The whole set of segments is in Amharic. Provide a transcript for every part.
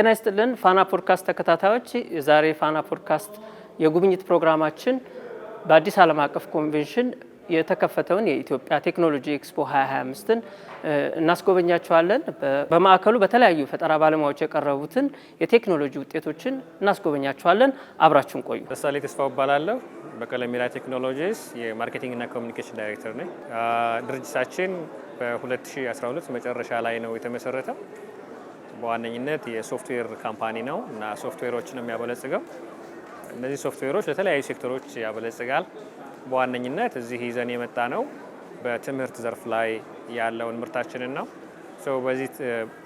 ጤና ይስጥልን ፋና ፖድካስት ተከታታዮች፣ የዛሬ ፋና ፖድካስት የጉብኝት ፕሮግራማችን በአዲስ ዓለም አቀፍ ኮንቬንሽን የተከፈተውን የኢትዮጵያ ቴክኖሎጂ ኤክስፖ 2025ን እናስጎበኛቸዋለን። በማዕከሉ በተለያዩ ፈጠራ ባለሙያዎች የቀረቡትን የቴክኖሎጂ ውጤቶችን እናስጎበኛቸዋለን። አብራችን ቆዩ። ደሳሌ ተስፋው እባላለሁ። በቀለም ቴክኖሎጂስ የማርኬቲንግ እና ኮሚኒኬሽን ዳይሬክተር ነኝ። ድርጅታችን በ2012 መጨረሻ ላይ ነው የተመሰረተው። በዋነኝነት የሶፍትዌር ካምፓኒ ነው እና ሶፍትዌሮችን ነው የሚያበለጽገው። እነዚህ ሶፍትዌሮች ለተለያዩ ሴክተሮች ያበለጽጋል። በዋነኝነት እዚህ ይዘን የመጣ ነው በትምህርት ዘርፍ ላይ ያለውን ምርታችንን ነው። በዚህ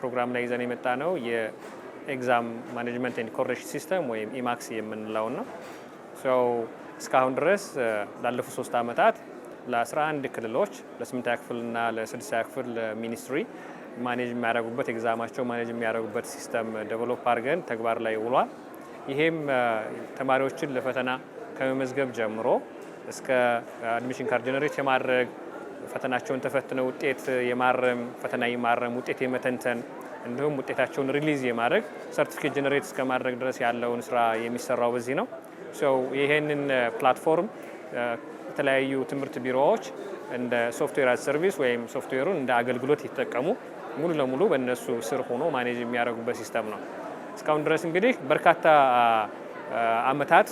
ፕሮግራም ላይ ይዘን የመጣ ነው የኤግዛም ማኔጅመንት ኤንድ ኮሬክሽን ሲስተም ወይም ኢማክስ የምንለውን ነው። እስካሁን ድረስ ላለፉት ሶስት ዓመታት ለ11 ክልሎች ለ8ኛ ክፍልና ለ6ኛ ክፍል ሚኒስትሪ ማኔጅ የሚያደርጉበት ኤግዛማቸው ማኔጅ የሚያደርጉበት ሲስተም ዴቨሎፕ አድርገን ተግባር ላይ ውሏል። ይሄም ተማሪዎችን ለፈተና ከመመዝገብ ጀምሮ እስከ አድሚሽን ካርድ ጀነሬት የማድረግ ፈተናቸውን ተፈትነው ውጤት የማረም ፈተና የማረም ውጤት የመተንተን እንዲሁም ውጤታቸውን ሪሊዝ የማድረግ ሰርቲፊኬት ጀነሬት እስከ ማድረግ ድረስ ያለውን ስራ የሚሰራው በዚህ ነው። ይህንን ፕላትፎርም የተለያዩ ትምህርት ቢሮዎች እንደ ሶፍትዌር አዝ ሰርቪስ ወይም ሶፍትዌሩን እንደ አገልግሎት ይጠቀሙ ሙሉ ለሙሉ በእነሱ ስር ሆኖ ማኔጅ የሚያደርጉበት ሲስተም ነው። እስካሁን ድረስ እንግዲህ በርካታ አመታት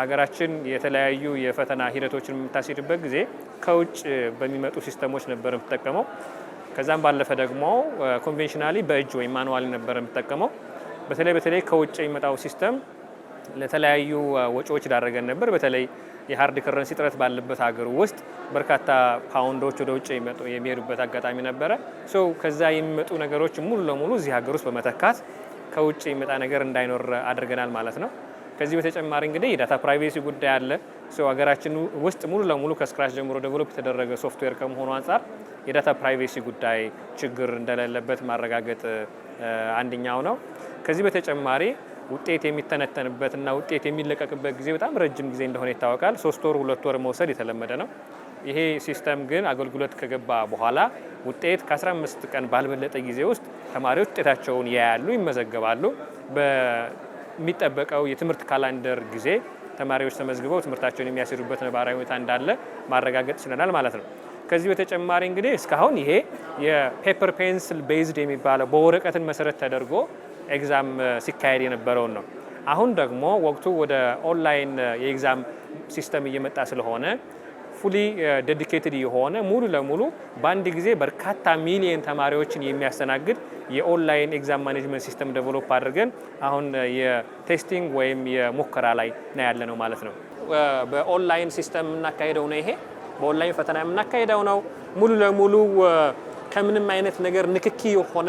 ሀገራችን የተለያዩ የፈተና ሂደቶችን የምታስሄድበት ጊዜ ከውጭ በሚመጡ ሲስተሞች ነበር የምትጠቀመው። ከዛም ባለፈ ደግሞ ኮንቬንሽናሊ በእጅ ወይም ማኑዋል ነበር የምትጠቀመው። በተለይ በተለይ ከውጭ የሚመጣው ሲስተም ለተለያዩ ወጪዎች ዳረገን ነበር በተለይ የሀርድ ከረንሲ ጥረት ባለበት ሀገር ውስጥ በርካታ ፓውንዶች ወደ ውጭ የሚመጡ የሚሄዱበት አጋጣሚ ነበረ። ሶ ከዛ የሚመጡ ነገሮች ሙሉ ለሙሉ እዚህ ሀገር ውስጥ በመተካት ከውጭ የሚመጣ ነገር እንዳይኖር አድርገናል ማለት ነው። ከዚህ በተጨማሪ እንግዲህ የዳታ ፕራይቬሲ ጉዳይ አለ። ሀገራችን ውስጥ ሙሉ ለሙሉ ከስክራች ጀምሮ ዴቨሎፕ የተደረገ ሶፍትዌር ከመሆኑ አንጻር የዳታ ፕራይቬሲ ጉዳይ ችግር እንደሌለበት ማረጋገጥ አንደኛው ነው። ከዚህ በተጨማሪ ውጤት የሚተነተንበትና ውጤት የሚለቀቅበት ጊዜ በጣም ረጅም ጊዜ እንደሆነ ይታወቃል። ሶስት ወር ሁለት ወር መውሰድ የተለመደ ነው። ይሄ ሲስተም ግን አገልግሎት ከገባ በኋላ ውጤት ከ15 ቀን ባልበለጠ ጊዜ ውስጥ ተማሪዎች ውጤታቸውን ያያሉ፣ ይመዘገባሉ። በሚጠበቀው የትምህርት ካላንደር ጊዜ ተማሪዎች ተመዝግበው ትምህርታቸውን የሚያስሄዱበት ነባራዊ ሁኔታ እንዳለ ማረጋገጥ ችለናል ማለት ነው። ከዚህ በተጨማሪ እንግዲህ እስካሁን ይሄ የፔፐር ፔንስል ቤዝድ የሚባለው በወረቀትን መሰረት ተደርጎ ኤግዛም ሲካሄድ የነበረውን ነው። አሁን ደግሞ ወቅቱ ወደ ኦንላይን የኤግዛም ሲስተም እየመጣ ስለሆነ ፉሊ ዴዲኬትድ የሆነ ሙሉ ለሙሉ በአንድ ጊዜ በርካታ ሚሊየን ተማሪዎችን የሚያስተናግድ የኦንላይን ኤግዛም ማኔጅመንት ሲስተም ዴቨሎፕ አድርገን አሁን የቴስቲንግ ወይም የሙከራ ላይ ነው ያለ ነው ማለት ነው። በኦንላይን ሲስተም የምናካሄደው ነው። ይሄ በኦንላይን ፈተና የምናካሄደው ነው። ሙሉ ለሙሉ ከምንም አይነት ነገር ንክኪ የሆነ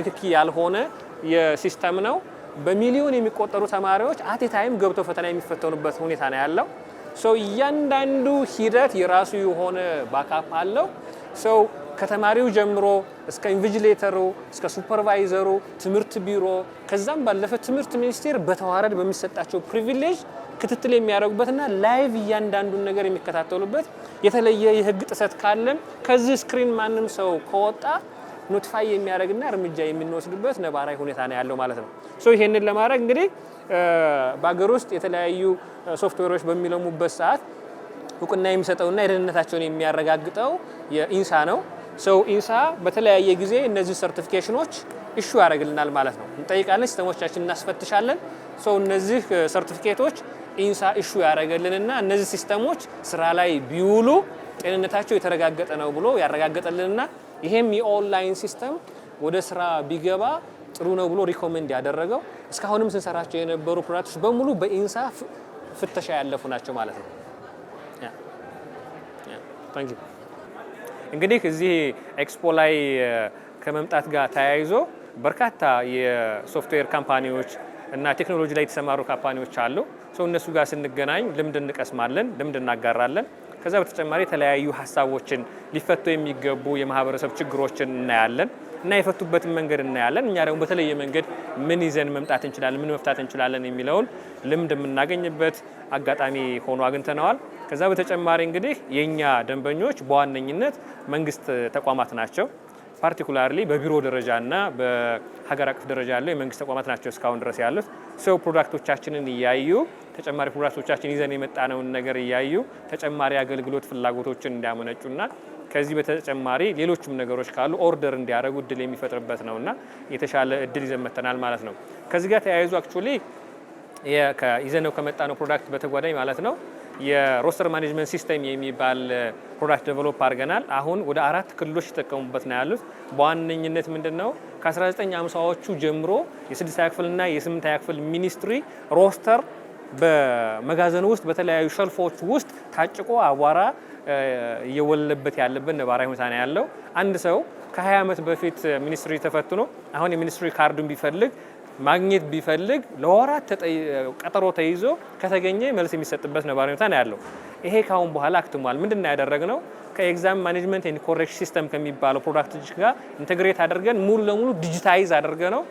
ንክኪ ያልሆነ የሲስተም ነው። በሚሊዮን የሚቆጠሩ ተማሪዎች አት ታይም ገብተው ፈተና የሚፈተኑበት ሁኔታ ነው ያለው። ሰው እያንዳንዱ ሂደት የራሱ የሆነ ባካፕ አለው። ሰው ከተማሪው ጀምሮ እስከ ኢንቪጅሌተሩ እስከ ሱፐርቫይዘሩ፣ ትምህርት ቢሮ ከዛም ባለፈ ትምህርት ሚኒስቴር በተዋረድ በሚሰጣቸው ፕሪቪሌጅ ክትትል የሚያደርጉበትና ላይቭ እያንዳንዱን ነገር የሚከታተሉበት የተለየ የህግ ጥሰት ካለም ከዚህ ስክሪን ማንም ሰው ከወጣ ኖቲፋይ የሚያደርግና እርምጃ የምንወስድበት ነባራዊ ሁኔታ ነው ያለው ማለት ነው። ሶ ይሄንን ለማድረግ እንግዲህ በሀገር ውስጥ የተለያዩ ሶፍትዌሮች በሚለሙበት ሰዓት እውቅና የሚሰጠውና የደህንነታቸውን የሚያረጋግጠው የኢንሳ ነው። ሰው ኢንሳ በተለያየ ጊዜ እነዚህ ሰርቲፊኬሽኖች እሹ ያደርግልናል ማለት ነው። እንጠይቃለን፣ ሲስተሞቻችን እናስፈትሻለን። ሰው እነዚህ ሰርቲፊኬቶች ኢንሳ እሹ ያደረገልንና እነዚህ ሲስተሞች ስራ ላይ ቢውሉ ጤንነታቸው የተረጋገጠ ነው ብሎ ያረጋገጠልንና ይሄም የኦንላይን ሲስተም ወደ ስራ ቢገባ ጥሩ ነው ብሎ ሪኮመንድ ያደረገው እስካሁንም ስንሰራቸው የነበሩ ፕሮዳክቶች በሙሉ በኢንሳ ፍተሻ ያለፉ ናቸው ማለት ነው። እንግዲህ እዚህ ኤክስፖ ላይ ከመምጣት ጋር ተያይዞ በርካታ የሶፍትዌር ካምፓኒዎች እና ቴክኖሎጂ ላይ የተሰማሩ ካምፓኒዎች አሉ። ሰው እነሱ ጋር ስንገናኝ ልምድ እንቀስማለን፣ ልምድ እናጋራለን። ከዛ በተጨማሪ የተለያዩ ሀሳቦችን ሊፈቱ የሚገቡ የማህበረሰብ ችግሮችን እናያለን እና የፈቱበትን መንገድ እናያለን። እኛ ደግሞ በተለየ መንገድ ምን ይዘን መምጣት እንችላለን፣ ምን መፍታት እንችላለን የሚለውን ልምድ የምናገኝበት አጋጣሚ ሆኖ አግኝተነዋል። ከዛ በተጨማሪ እንግዲህ የእኛ ደንበኞች በዋነኝነት መንግስት ተቋማት ናቸው። ፓርቲኩላርሊ በቢሮ ደረጃና በሀገር አቀፍ ደረጃ ያለው የመንግስት ተቋማት ናቸው እስካሁን ድረስ ያሉት። ሰው ፕሮዳክቶቻችንን እያዩ ተጨማሪ ፕሮዳክቶቻችን ይዘን የመጣነውን ነገር እያዩ ተጨማሪ አገልግሎት ፍላጎቶችን እንዲያመነጩና ከዚህ በተጨማሪ ሌሎችም ነገሮች ካሉ ኦርደር እንዲያደርጉ እድል የሚፈጥርበት ነውና የተሻለ እድል ይዘን መጥተናል ማለት ነው። ከዚህ ጋር ተያይዞ አክቹሊ ይዘነው ከመጣ ነው ፕሮዳክት በተጓዳኝ ማለት ነው የሮስተር ማኔጅመንት ሲስተም የሚባል ፕሮዳክት ዴቨሎፕ አድርገናል። አሁን ወደ አራት ክልሎች ይጠቀሙበት ነው ያሉት። በዋነኝነት ምንድን ነው ከ1950ዎቹ ጀምሮ የስድስተኛ ክፍልና የስምንተኛ ክፍል ሚኒስትሪ ሮስተር በመጋዘን ውስጥ በተለያዩ ሸልፎች ውስጥ ታጭቆ አቧራ እየወለበት ያለበት ነባራዊ ሁኔታ ነው ያለው። አንድ ሰው ከ20 ዓመት በፊት ሚኒስትሪ ተፈትኖ አሁን የሚኒስትሪ ካርዱን ቢፈልግ ማግኘት ቢፈልግ ለወራት ቀጠሮ ተይዞ ከተገኘ መልስ የሚሰጥበት ነባራዊ ሁኔታ ነው ያለው። ይሄ ካሁን በኋላ አክትሟል። ምንድን ነው ያደረግነው? ከኤግዛም ማኔጅመንት ኤንድ ኮሬክሽን ሲስተም ከሚባለው ፕሮዳክቶች ጋር ኢንተግሬት አድርገን ሙሉ ለሙሉ ዲጂታይዝ አድርገ ነው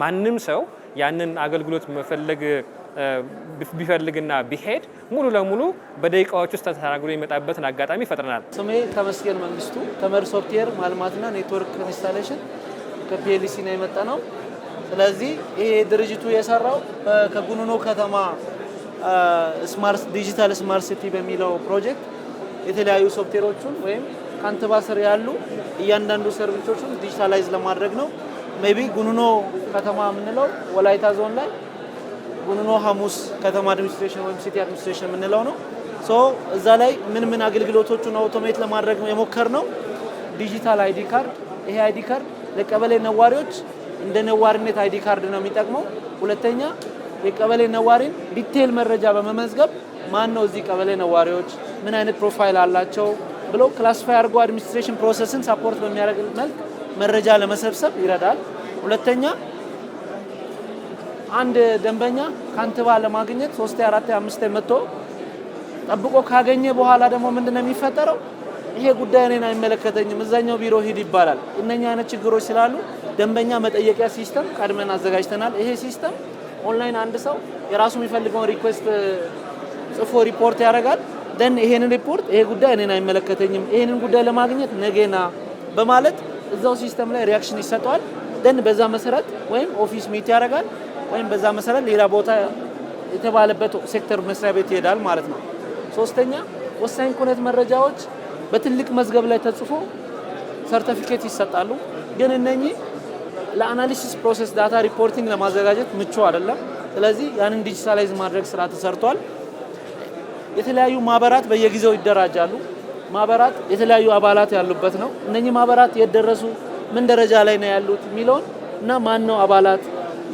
ማንም ሰው ያንን አገልግሎት መፈለግ ቢፈልግና ቢሄድ ሙሉ ለሙሉ በደቂቃዎች ውስጥ ተስተናግዶ የሚመጣበትን አጋጣሚ ይፈጥረናል። ስሜ ተመስገን መንግስቱ ተመድ ሶፍትዌር ማልማትና ኔትወርክ ኢንስታሌሽን ከፒኤልሲ ነው የመጣ ነው። ስለዚህ ይሄ ድርጅቱ የሰራው ከጉኑኖ ከተማ ስማርት ዲጂታል ስማርት ሲቲ በሚለው ፕሮጀክት የተለያዩ ሶፍትዌሮቹን ወይም ካንትባ ስር ያሉ እያንዳንዱ ሰርቪሶቹን ዲጂታላይዝ ለማድረግ ነው። ሜቢ ጉኑኖ ከተማ የምንለው ወላይታ ዞን ላይ ጉኑኖ ሐሙስ ከተማ አድሚኒስትሬሽን ወይም ሲቲ አድሚኒስትሬሽን የምንለው ነው። ሶ እዛ ላይ ምን ምን አገልግሎቶቹን አውቶሜት ለማድረግ የሞከር ነው ዲጂታል አይዲ ካርድ። ይሄ አይዲ ካርድ ለቀበሌ ነዋሪዎች እንደ ነዋሪነት አይዲ ካርድ ነው የሚጠቅመው። ሁለተኛ የቀበሌ ነዋሪን ዲቴል መረጃ በመመዝገብ ማን ነው እዚህ ቀበሌ ነዋሪዎች፣ ምን አይነት ፕሮፋይል አላቸው ብሎ ክላሲፋይ አድርጎ አድሚኒስትሬሽን ፕሮሰስን ሳፖርት በሚያደርግ መልክ መረጃ ለመሰብሰብ ይረዳል። ሁለተኛ አንድ ደንበኛ ካንትባ ለማግኘት ሶስቴ አራቴ አምስቴ መጥቶ ጠብቆ ካገኘ በኋላ ደግሞ ምንድን ነው የሚፈጠረው? ይሄ ጉዳይ እኔን አይመለከተኝም እዛኛው ቢሮ ሂድ ይባላል። እነኛ አይነት ችግሮች ስላሉ ደንበኛ መጠየቂያ ሲስተም ቀድመን አዘጋጅተናል። ይሄ ሲስተም ኦንላይን አንድ ሰው የራሱ የሚፈልገውን ሪኩዌስት ጽፎ ሪፖርት ያደርጋል። ደን ይሄንን ሪፖርት ይሄ ጉዳይ እኔን አይመለከተኝም፣ ይሄንን ጉዳይ ለማግኘት ነገና በማለት እዛው ሲስተም ላይ ሪያክሽን ይሰጠዋል። ደን በዛ መሰረት ወይም ኦፊስ ሚት ያደርጋል ወይም በዛ መሰረት ሌላ ቦታ የተባለበት ሴክተር መስሪያ ቤት ይሄዳል ማለት ነው። ሶስተኛ ወሳኝ ኩነት መረጃዎች በትልቅ መዝገብ ላይ ተጽፎ ሰርተፊኬት ይሰጣሉ። ግን እነኚህ ለአናሊሲስ ፕሮሰስ ዳታ ሪፖርቲንግ ለማዘጋጀት ምቹ አይደለም። ስለዚህ ያንን ዲጂታላይዝ ማድረግ ስራ ተሰርቷል። የተለያዩ ማህበራት በየጊዜው ይደራጃሉ። ማህበራት የተለያዩ አባላት ያሉበት ነው። እነኚህ ማህበራት የት ደረሱ፣ ምን ደረጃ ላይ ነው ያሉት የሚለውን እና ማን ነው አባላት፣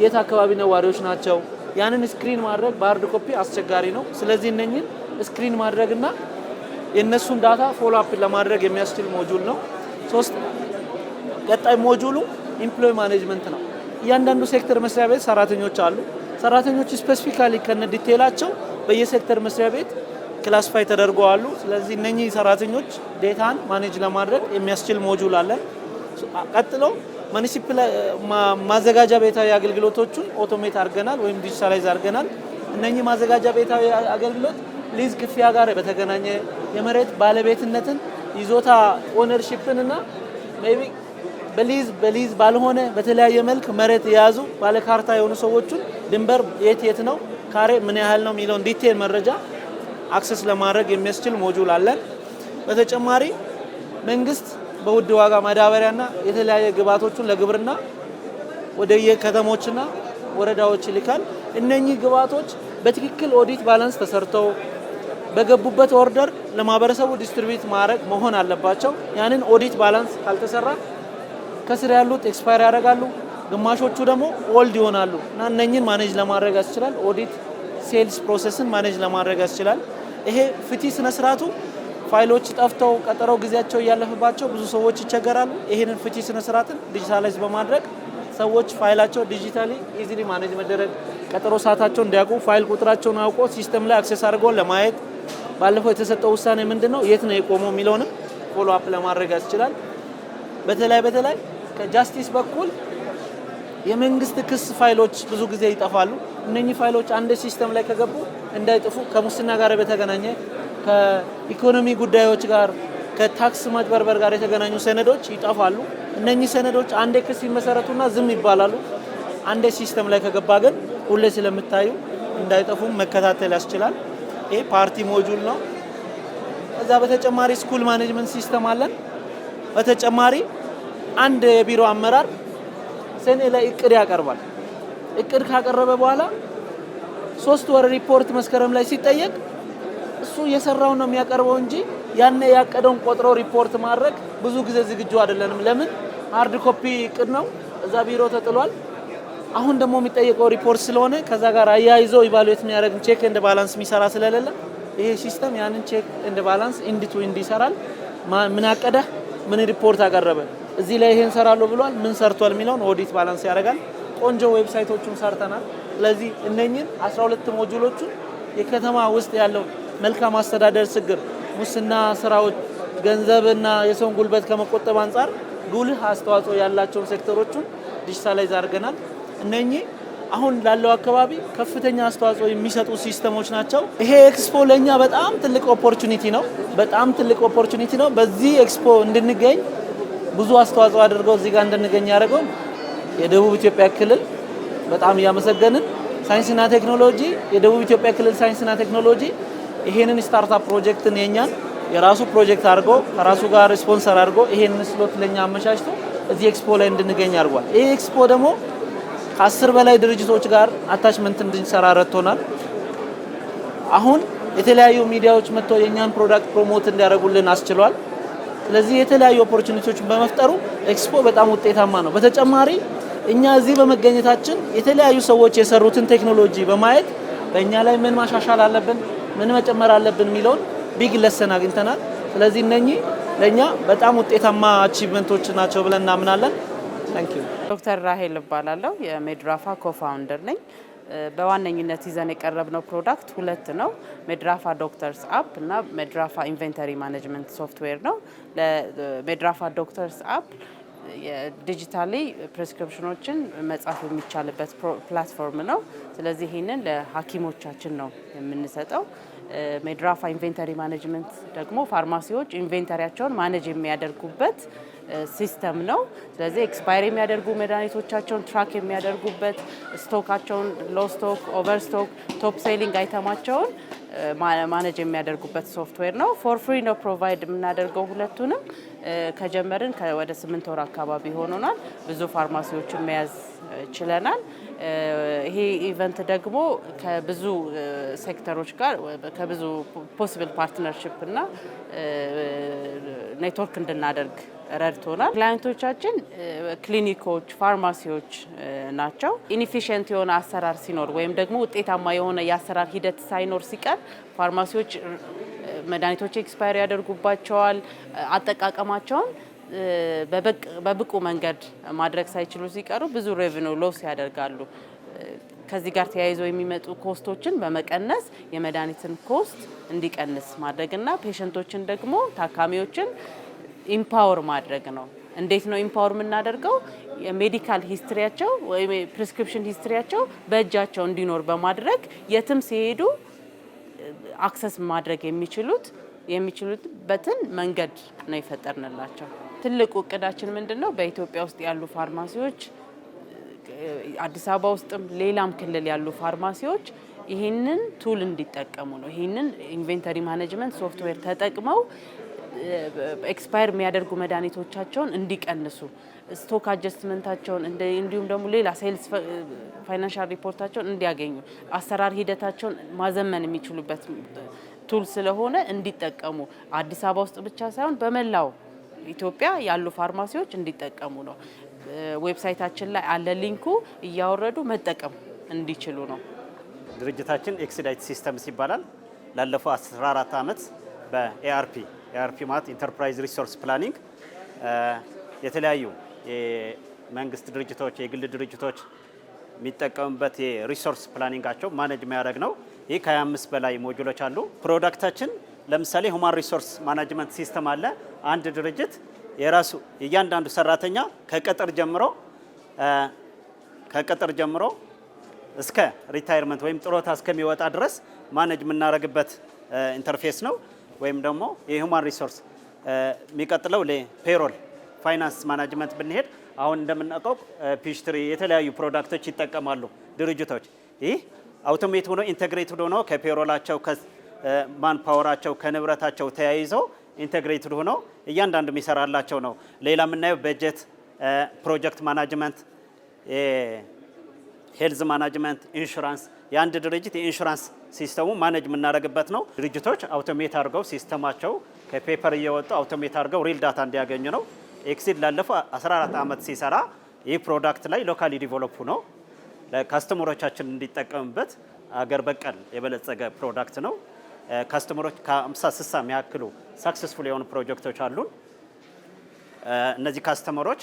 የት አካባቢ ነዋሪዎች ናቸው፣ ያንን ስክሪን ማድረግ በሀርድ ኮፒ አስቸጋሪ ነው። ስለዚህ እነኚህን ስክሪን ማድረግና የእነሱን ዳታ ፎሎ አፕ ለማድረግ የሚያስችል ሞጁል ነው። ሶስት ቀጣይ ሞጁሉ ኢምፕሎይ ማኔጅመንት ነው። እያንዳንዱ ሴክተር መስሪያ ቤት ሰራተኞች አሉ። ሰራተኞች ስፔሲፊካሊ ከነ ዲቴላቸው በየሴክተር መስሪያ ቤት ክላስፋይ ተደርገዋሉ። ስለዚህ እነኚህ ሰራተኞች ዴታን ማኔጅ ለማድረግ የሚያስችል ሞጁል አለን። ቀጥሎ ማዘጋጃ ቤታዊ አገልግሎቶቹን ኦቶሜት አድርገናል ወይም ዲጂታላይዝ አድርገናል። እነኚህ ማዘጋጃ ቤታዊ አገልግሎት ሊዝ ክፍያ ጋር በተገናኘ የመሬት ባለቤትነትን ይዞታ ኦነርሺፕን እና ሜይ ቢ በሊዝ በሊዝ ባልሆነ በተለያየ መልክ መሬት የያዙ ባለካርታ የሆኑ ሰዎቹን ድንበር የት የት ነው ካሬ ምን ያህል ነው የሚለውን ዲቴል መረጃ አክሰስ ለማድረግ የሚያስችል ሞጁል አለን። በተጨማሪ መንግስት በውድ ዋጋ ማዳበሪያና የተለያየ ግብዓቶችን ለግብርና ወደ የከተሞችና ወረዳዎች ይልካል። እነኚህ ግብዓቶች በትክክል ኦዲት ባላንስ ተሰርተው በገቡበት ኦርደር ለማህበረሰቡ ዲስትሪቢዩት ማድረግ መሆን አለባቸው። ያንን ኦዲት ባላንስ ካልተሰራ ከስር ያሉት ኤክስፓየር ያደርጋሉ፣ ግማሾቹ ደግሞ ኦልድ ይሆናሉ እና እነኝን ማኔጅ ለማድረግ ያስችላል። ኦዲት ሴልስ ፕሮሰስን ማኔጅ ለማድረግ ያስችላል። ይሄ ፍቲ ስነስርዓቱ ፋይሎች ጠፍተው ቀጠሮ ጊዜያቸው እያለፈባቸው ብዙ ሰዎች ይቸገራሉ። ይህንን ፍቺ ስነስርዓትን ዲጂታላይዝ በማድረግ ሰዎች ፋይላቸው ዲጂታሊ ኢዚሊ ማኔጅ መደረግ፣ ቀጠሮ ሰዓታቸው እንዲያውቁ ፋይል ቁጥራቸውን አውቆ ሲስተም ላይ አክሴስ አድርጎ ለማየት ባለፈው የተሰጠው ውሳኔ ምንድን ነው፣ የት ነው የቆመው የሚለውንም ፎሎ አፕ ለማድረግ ያስችላል። በተለይ በተለይ ከጃስቲስ በኩል የመንግስት ክስ ፋይሎች ብዙ ጊዜ ይጠፋሉ። እነኚህ ፋይሎች አንድ ሲስተም ላይ ከገቡ እንዳይጥፉ ከሙስና ጋር በተገናኘ ከኢኮኖሚ ጉዳዮች ጋር ከታክስ ማጭበርበር ጋር የተገናኙ ሰነዶች ይጠፋሉ። እነኚህ ሰነዶች አንዴ ክስ ይመሰረቱና ዝም ይባላሉ። አንዴ ሲስተም ላይ ከገባ ግን ሁሌ ስለምታዩ እንዳይጠፉም መከታተል ያስችላል። ይሄ ፓርቲ ሞጁል ነው። ከዛ በተጨማሪ ስኩል ማኔጅመንት ሲስተም አለን። በተጨማሪ አንድ የቢሮ አመራር ሰኔ ላይ እቅድ ያቀርባል። እቅድ ካቀረበ በኋላ ሶስት ወር ሪፖርት መስከረም ላይ ሲጠየቅ እሱ የሰራው ነው የሚያቀርበው እንጂ ያኔ ያቀደውን ቆጥሮ ሪፖርት ማድረግ ብዙ ጊዜ ዝግጁ አይደለንም። ለምን? ሃርድ ኮፒ እቅድ ነው፣ እዛ ቢሮ ተጥሏል። አሁን ደግሞ የሚጠየቀው ሪፖርት ስለሆነ ከዛ ጋር አያይዞ ኢቫሉዌት የሚያደርግ ቼክ እንደ ባላንስ የሚሰራ ስለሌለ ይሄ ሲስተም ያንን ቼክ እንደ ባላንስ ኢንድ ቱ ኢንድ ይሰራል። ምን አቀደ? ምን ሪፖርት አቀረበ? እዚህ ላይ ይሄን ሰራለሁ ብሏል፣ ምን ሰርቷል የሚለውን ኦዲት ባላንስ ያደርጋል። ቆንጆ ዌብሳይቶቹን ሰርተናል። ስለዚህ እነኝን 12 ሞጁሎቹን የከተማ ውስጥ ያለው መልካም አስተዳደር ችግር፣ ሙስና ስራዎች፣ ገንዘብና የሰውን ጉልበት ከመቆጠብ አንጻር ጉልህ አስተዋጽኦ ያላቸውን ሴክተሮቹን ዲጂታላይዝ አድርገናል። እነኚህ አሁን ላለው አካባቢ ከፍተኛ አስተዋጽኦ የሚሰጡ ሲስተሞች ናቸው። ይሄ ኤክስፖ ለእኛ በጣም ትልቅ ኦፖርቹኒቲ ነው። በጣም ትልቅ ኦፖርቹኒቲ ነው። በዚህ ኤክስፖ እንድንገኝ ብዙ አስተዋጽኦ አድርገው እዚህ ጋር እንድንገኝ ያደረገው የደቡብ ኢትዮጵያ ክልል በጣም እያመሰገንን ሳይንስና ቴክኖሎጂ የደቡብ ኢትዮጵያ ክልል ሳይንስና ቴክኖሎጂ ይሄንን ስታርታፕ ፕሮጀክትን የኛን የራሱ ፕሮጀክት አድርጎ ከራሱ ጋር ስፖንሰር አድርጎ ይሄንን ስሎት ለኛ አመቻችቶ እዚህ ኤክስፖ ላይ እንድንገኝ አድርጓል። ይህ ኤክስፖ ደግሞ ከአስር በላይ ድርጅቶች ጋር አታችመንት እንድንሰራ ረድቶናል። አሁን የተለያዩ ሚዲያዎች መጥተው የእኛን ፕሮዳክት ፕሮሞት እንዲያደርጉልን አስችሏል። ስለዚህ የተለያዩ ኦፖርቹኒቲዎችን በመፍጠሩ ኤክስፖ በጣም ውጤታማ ነው። በተጨማሪ እኛ እዚህ በመገኘታችን የተለያዩ ሰዎች የሰሩትን ቴክኖሎጂ በማየት በእኛ ላይ ምን ማሻሻል አለብን፣ ምን መጨመር አለብን የሚለውን ቢግ ለሰን አግኝተናል። ስለዚህ እነኚህ ለእኛ በጣም ውጤታማ አቺቭመንቶች ናቸው ብለን እናምናለን። ዶክተር ራሄል እባላለሁ የሜድራፋ ኮፋውንደር ነኝ። በዋነኝነት ይዘን የቀረብነው ፕሮዳክት ሁለት ነው። ሜድራፋ ዶክተርስ አፕ እና ሜድራፋ ኢንቨንተሪ ማኔጅመንት ሶፍትዌር ነው። ለሜድራፋ ዶክተርስ አፕ ዲጂታሊ ፕሪስክሪፕሽኖችን መጻፍ የሚቻልበት ፕላትፎርም ነው። ስለዚህ ይህንን ለሐኪሞቻችን ነው የምንሰጠው። ሜድራፋ ኢንቬንተሪ ማኔጅመንት ደግሞ ፋርማሲዎች ኢንቬንተሪያቸውን ማኔጅ የሚያደርጉበት ሲስተም ነው። ስለዚህ ኤክስፓየር የሚያደርጉ መድኃኒቶቻቸውን ትራክ የሚያደርጉበት ስቶካቸውን፣ ሎ ስቶክ፣ ኦቨር ስቶክ፣ ቶፕ ሴሊንግ አይተማቸውን ማነጅ የሚያደርጉበት ሶፍትዌር ነው። ፎር ፍሪ ነው ፕሮቫይድ የምናደርገው ሁለቱንም። ከጀመርን ወደ ስምንት ወር አካባቢ ሆኖናል። ብዙ ፋርማሲዎችን መያዝ ችለናል። ይሄ ኢቨንት ደግሞ ከብዙ ሴክተሮች ጋር ከብዙ ፖሲብል ፓርትነርሽፕ እና ኔትወርክ እንድናደርግ ረድቶናል። ክላይንቶቻችን ክሊኒኮች፣ ፋርማሲዎች ናቸው። ኢኒፊሽንት የሆነ አሰራር ሲኖር ወይም ደግሞ ውጤታማ የሆነ የአሰራር ሂደት ሳይኖር ሲቀር ፋርማሲዎች መድኃኒቶች ኤክስፓየር ያደርጉባቸዋል። አጠቃቀማቸውን በብቁ መንገድ ማድረግ ሳይችሉ ሲቀሩ ብዙ ሬቨኒው ሎስ ያደርጋሉ። ከዚህ ጋር ተያይዘው የሚመጡ ኮስቶችን በመቀነስ የመድኃኒትን ኮስት እንዲቀንስ ማድረግና ፔሸንቶችን ደግሞ ታካሚዎችን ኢምፓወር ማድረግ ነው። እንዴት ነው ኢምፓወር የምናደርገው? የሜዲካል ሂስትሪያቸው ወይም ፕሪስክሪፕሽን ሂስትሪያቸው በእጃቸው እንዲኖር በማድረግ የትም ሲሄዱ አክሰስ ማድረግ የሚችሉት የሚችሉበትን መንገድ ነው የፈጠርንላቸው። ትልቁ እቅዳችን ምንድን ነው? በኢትዮጵያ ውስጥ ያሉ ፋርማሲዎች አዲስ አበባ ውስጥም ሌላም ክልል ያሉ ፋርማሲዎች ይህንን ቱል እንዲጠቀሙ ነው። ይህንን ኢንቬንተሪ ማኔጅመንት ሶፍትዌር ተጠቅመው ኤክስፓየር የሚያደርጉ መድኃኒቶቻቸውን እንዲቀንሱ ስቶክ አጀስትመንታቸውን እንዲሁም ደግሞ ሌላ ሴልስ ፋይናንሻል ሪፖርታቸውን እንዲያገኙ አሰራር ሂደታቸውን ማዘመን የሚችሉበት ቱል ስለሆነ እንዲጠቀሙ አዲስ አበባ ውስጥ ብቻ ሳይሆን በመላው ኢትዮጵያ ያሉ ፋርማሲዎች እንዲጠቀሙ ነው። ዌብሳይታችን ላይ አለ ሊንኩ፣ እያወረዱ መጠቀም እንዲችሉ ነው። ድርጅታችን ኤክስዳይት ሲስተምስ ይባላል። ላለፈው 14 ዓመት በኤአርፒ ኤአርፒ ማለት ኢንተርፕራይዝ ሪሶርስ ፕላኒንግ የተለያዩ የመንግስት ድርጅቶች፣ የግል ድርጅቶች የሚጠቀሙበት የሪሶርስ ፕላኒንጋቸው ማኔጅ የሚያደርግ ነው። ይህ ከ25 በላይ ሞጁሎች አሉ። ፕሮዳክታችን ለምሳሌ ሁማን ሪሶርስ ማናጅመንት ሲስተም አለ። አንድ ድርጅት የራሱ እያንዳንዱ ሰራተኛ ከቅጥር ጀምሮ ከቅጥር ጀምሮ እስከ ሪታይርመንት ወይም ጥሮታ እስከሚወጣ ድረስ ማነጅ የምናደርግበት ኢንተርፌስ ነው። ወይም ደግሞ የሁማን ሪሶርስ የሚቀጥለው ፔሮል ፋይናንስ ማናጅመንት ብንሄድ አሁን እንደምናውቀው ፒሽትሪ የተለያዩ ፕሮዳክቶች ይጠቀማሉ ድርጅቶች። ይህ አውቶሜት ሆኖ ኢንተግሬትድ ሆኖ ከፔሮላቸው ማን ፓወራቸው ከንብረታቸው ተያይዘው ኢንቴግሬትድ ሆነው እያንዳንዱ የሚሰራላቸው ነው። ሌላ የምናየው በጀት፣ ፕሮጀክት ማናጅመንት፣ ሄልዝ ማናጅመንት፣ ኢንሹራንስ የአንድ ድርጅት የኢንሹራንስ ሲስተሙ ማኔጅ የምናደርግበት ነው። ድርጅቶች አውቶሜት አድርገው ሲስተማቸው ከፔፐር እየወጡ አውቶሜት አድርገው ሪል ዳታ እንዲያገኙ ነው። ኤክሲድ ላለፈው 14 ዓመት ሲሰራ ይህ ፕሮዳክት ላይ ሎካሊ ዲቨሎፕ ነው። ለካስተመሮቻችን እንዲጠቀምበት አገር በቀል የበለጸገ ፕሮዳክት ነው። ካስተመሮች ከአምሳ ስሳ የሚያክሉ ሳክሰስፉል የሆኑ ፕሮጀክቶች አሉን። እነዚህ ካስተመሮች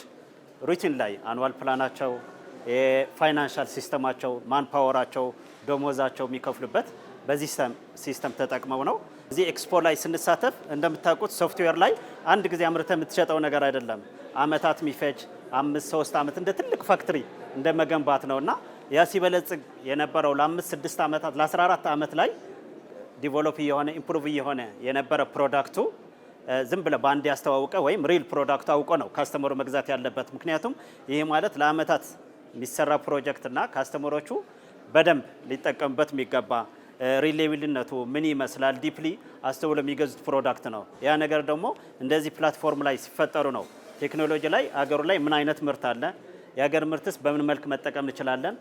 ሩቲን ላይ አኑዋል ፕላናቸው፣ የፋይናንሻል ሲስተማቸው፣ ማን ፓወራቸው ደሞዛቸው የሚከፍሉበት በዚህ ሲስተም ተጠቅመው ነው። እዚህ ኤክስፖ ላይ ስንሳተፍ እንደምታውቁት ሶፍትዌር ላይ አንድ ጊዜ አምርተ የምትሸጠው ነገር አይደለም። አመታት የሚፈጅ አምስት ሶስት አመት እንደ ትልቅ ፋክትሪ እንደ መገንባት ነው እና ያ ሲበለጽግ የነበረው ለአምስት ስድስት ዓመታት ለ14 ዓመት ላይ ዲቨሎፕ እየሆነ ኢምፕሩቭ እየሆነ የነበረ ፕሮዳክቱ ዝም ብለ በአንድ ያስተዋውቀ ወይም ሪል ፕሮዳክቱ አውቆ ነው ካስተመሩ መግዛት ያለበት። ምክንያቱም ይህ ማለት ለአመታት የሚሰራ ፕሮጀክት እና ካስተመሮቹ በደንብ ሊጠቀሙበት የሚገባ ሪሌቪልነቱ ምን ይመስላል ዲፕሊ አስተውሎ የሚገዙት ፕሮዳክት ነው። ያ ነገር ደግሞ እንደዚህ ፕላትፎርም ላይ ሲፈጠሩ ነው ቴክኖሎጂ ላይ አገሩ ላይ ምን አይነት ምርት አለ፣ የሀገር ምርትስ በምን መልክ መጠቀም እንችላለን፣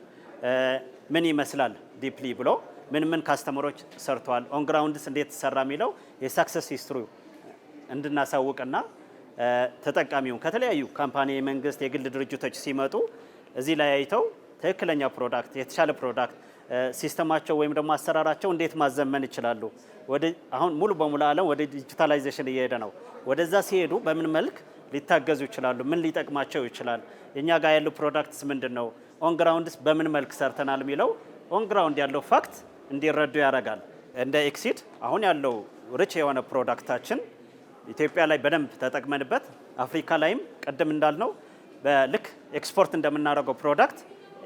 ምን ይመስላል ዲፕሊ ብሎ ምን ምን ካስተመሮች ሰርተዋል፣ ኦንግራውንድስ እንዴት ሰራ የሚለው የሳክሰስ ሂስትሪ እንድናሳውቅና ተጠቃሚውን ከተለያዩ ካምፓኒ፣ የመንግስት፣ የግል ድርጅቶች ሲመጡ እዚህ ላይ አይተው ትክክለኛ ፕሮዳክት፣ የተሻለ ፕሮዳክት ሲስተማቸው ወይም ደግሞ አሰራራቸው እንዴት ማዘመን ይችላሉ። አሁን ሙሉ በሙሉ ዓለም ወደ ዲጂታላይዜሽን እየሄደ ነው። ወደዛ ሲሄዱ በምን መልክ ሊታገዙ ይችላሉ? ምን ሊጠቅማቸው ይችላል? እኛ ጋር ያሉ ፕሮዳክትስ ምንድን ነው? ኦንግራውንድስ በምን መልክ ሰርተናል የሚለው ኦንግራውንድ ያለው ፋክት እንዲረዱ ያደርጋል። እንደ ኤክሲድ አሁን ያለው ርች የሆነ ፕሮዳክታችን ኢትዮጵያ ላይ በደንብ ተጠቅመንበት አፍሪካ ላይም ቅድም እንዳልነው በልክ ኤክስፖርት እንደምናደርገው ፕሮዳክት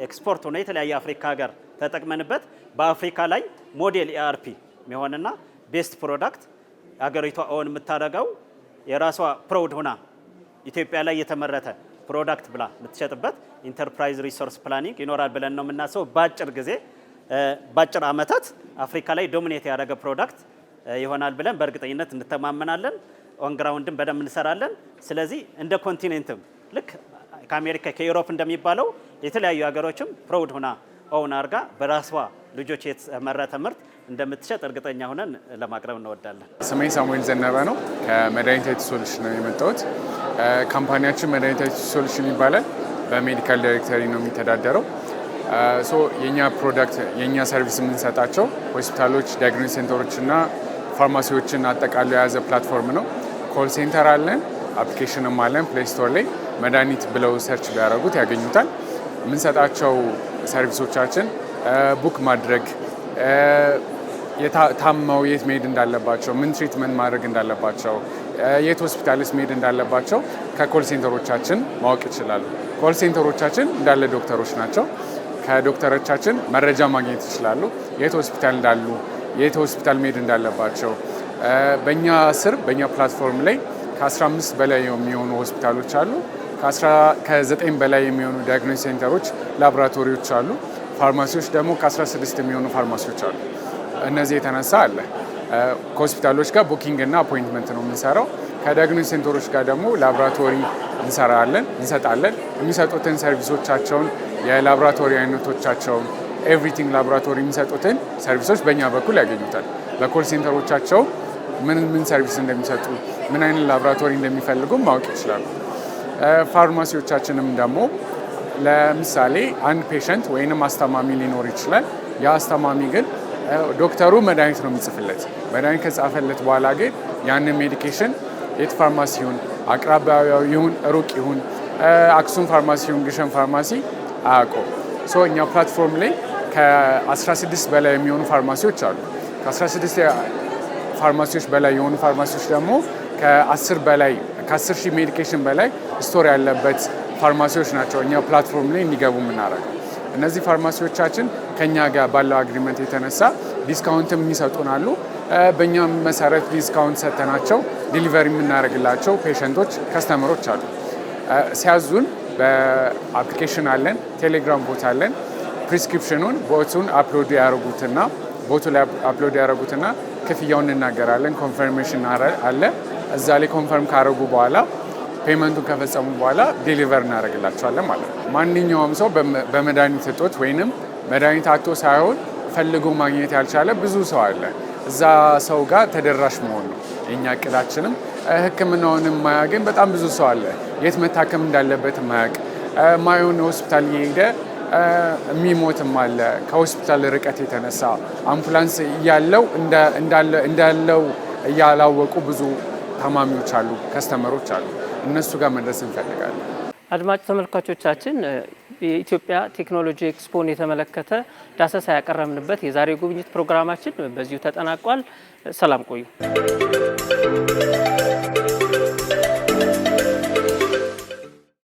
ኤክስፖርት ሆነ የተለያየ አፍሪካ ሀገር ተጠቅመንበት በአፍሪካ ላይ ሞዴል ኤአርፒ e የሚሆንና ቤስት ፕሮዳክት አገሪቷ እውን የምታደርገው የራሷ ፕሮድ ሆና ኢትዮጵያ ላይ የተመረተ ፕሮዳክት ብላ የምትሸጥበት ኢንተርፕራይዝ ሪሶርስ ፕላኒንግ ይኖራል ብለን ነው የምናስበው በአጭር ጊዜ በአጭር ዓመታት አፍሪካ ላይ ዶሚኔት ያደረገ ፕሮዳክት ይሆናል ብለን በእርግጠኝነት እንተማመናለን። ኦንግራውንድም በደንብ እንሰራለን። ስለዚህ እንደ ኮንቲኔንትም ልክ ከአሜሪካ ከዩሮፕ እንደሚባለው የተለያዩ ሀገሮችም ፕሮድ ሆና ኦውን አድርጋ በራሷ ልጆች የተመረተ ምርት እንደምትሸጥ እርግጠኛ ሆነን ለማቅረብ እንወዳለን። ስሜ ሳሙኤል ዘነበ ነው። ከመድኃኒታይት ሶሉሽን ነው የመጣሁት። ካምፓኒያችን መድኃኒታይት ሶሉሽን ይባላል። በሜዲካል ዳይሬክተሪ ነው የሚተዳደረው። ሶ የእኛ ፕሮዳክት የእኛ ሰርቪስ የምንሰጣቸው ሆስፒታሎች፣ ዳያግኖስ ሴንተሮች እና ፋርማሲዎችን አጠቃሎ የያዘ ፕላትፎርም ነው። ኮል ሴንተር አለን፣ አፕሊኬሽንም አለን። ፕሌይ ስቶር ላይ መድኃኒት ብለው ሰርች ቢያደርጉት ያገኙታል። የምንሰጣቸው ሰርቪሶቻችን ቡክ ማድረግ ታመው የት መሄድ እንዳለባቸው ምን ትሪትመንት ማድረግ እንዳለባቸው የት ሆስፒታልስ መሄድ እንዳለባቸው ከኮል ሴንተሮቻችን ማወቅ ይችላሉ። ኮል ሴንተሮቻችን እንዳለ ዶክተሮች ናቸው። ከዶክተሮቻችን መረጃ ማግኘት ይችላሉ። የት ሆስፒታል እንዳሉ፣ የት ሆስፒታል መሄድ እንዳለባቸው በእኛ ስር በእኛ ፕላትፎርም ላይ ከ15 በላይ የሚሆኑ ሆስፒታሎች አሉ። ከ9 በላይ የሚሆኑ ዲያግኖስ ሴንተሮች፣ ላቦራቶሪዎች አሉ። ፋርማሲዎች ደግሞ ከ16 የሚሆኑ ፋርማሲዎች አሉ። እነዚህ የተነሳ አለ ከሆስፒታሎች ጋር ቡኪንግ እና አፖይንትመንት ነው የምንሰራው። ከዲያግኖስ ሴንተሮች ጋር ደግሞ ላቦራቶሪ እንሰራለን እንሰጣለን። የሚሰጡትን ሰርቪሶቻቸውን፣ የላቦራቶሪ አይነቶቻቸውን ኤቭሪቲንግ ላቦራቶሪ የሚሰጡትን ሰርቪሶች በእኛ በኩል ያገኙታል። በኮል ሴንተሮቻቸው ምን ምን ሰርቪስ እንደሚሰጡ ምን አይነት ላቦራቶሪ እንደሚፈልጉ ማወቅ ይችላሉ። ፋርማሲዎቻችንም ደግሞ ለምሳሌ አንድ ፔሸንት ወይንም አስተማሚ ሊኖር ይችላል። ያ አስተማሚ ግን ዶክተሩ መድኃኒት ነው የሚጽፍለት። መድኃኒት ከጻፈለት በኋላ ግን ያንን ሜዲኬሽን የት ፋርማሲ ይሁን አቅራቢያዊ ይሁን ሩቅ ይሁን አክሱም ፋርማሲ ይሁን ግሸን ፋርማሲ አያውቀውም። ሶ እኛ ፕላትፎርም ላይ ከ16 በላይ የሚሆኑ ፋርማሲዎች አሉ። ከ16 ፋርማሲዎች በላይ የሆኑ ፋርማሲዎች ደግሞ ከ10 በላይ ከ10 ሺህ ሜዲኬሽን በላይ ስቶር ያለበት ፋርማሲዎች ናቸው እኛ ፕላትፎርም ላይ እንዲገቡ የምናደርገው። እነዚህ ፋርማሲዎቻችን ከኛ ጋር ባለው አግሪመንት የተነሳ ዲስካውንትም ይሰጡናሉ። በእኛም መሰረት ዲስካውንት ሰተናቸው ዲሊቨሪ የምናደርግላቸው ፔሸንቶች ከስተመሮች አሉ። ሲያዙን በአፕሊኬሽን አለን፣ ቴሌግራም ቦት አለን። ፕሪስክሪፕሽኑን ቦቱን አፕሎድ ያደረጉትና ቦቱ ላይ አፕሎድ ያደረጉትና ክፍያውን እናገራለን። ኮንፈርሜሽን አለ እዛ ላይ ኮንፈርም ካደረጉ በኋላ ፔመንቱን ከፈጸሙ በኋላ ዴሊቨር እናደርግላቸዋለን ማለት ነው። ማንኛውም ሰው በመድኃኒት እጦት ወይንም መድኃኒት አቶ ሳይሆን ፈልጎ ማግኘት ያልቻለ ብዙ ሰው አለ። እዛ ሰው ጋር ተደራሽ መሆን ነው የእኛ እቅዳችንም። ህክምናውን የማያገኝ በጣም ብዙ ሰው አለ። የት መታከም እንዳለበት ማያቅ ማየውን ሆስፒታል እየሄደ የሚሞትም አለ። ከሆስፒታል ርቀት የተነሳ አምቡላንስ እያለው እንዳለው እያላወቁ ብዙ ታማሚዎች አሉ፣ ከስተመሮች አሉ። እነሱ ጋር መድረስ እንፈልጋለን። አድማጭ ተመልካቾቻችን የኢትዮጵያ ቴክኖሎጂ ኤክስፖን የተመለከተ ዳሰሳ ያቀረብንበት የዛሬ ጉብኝት ፕሮግራማችን በዚሁ ተጠናቋል። ሰላም ቆዩ።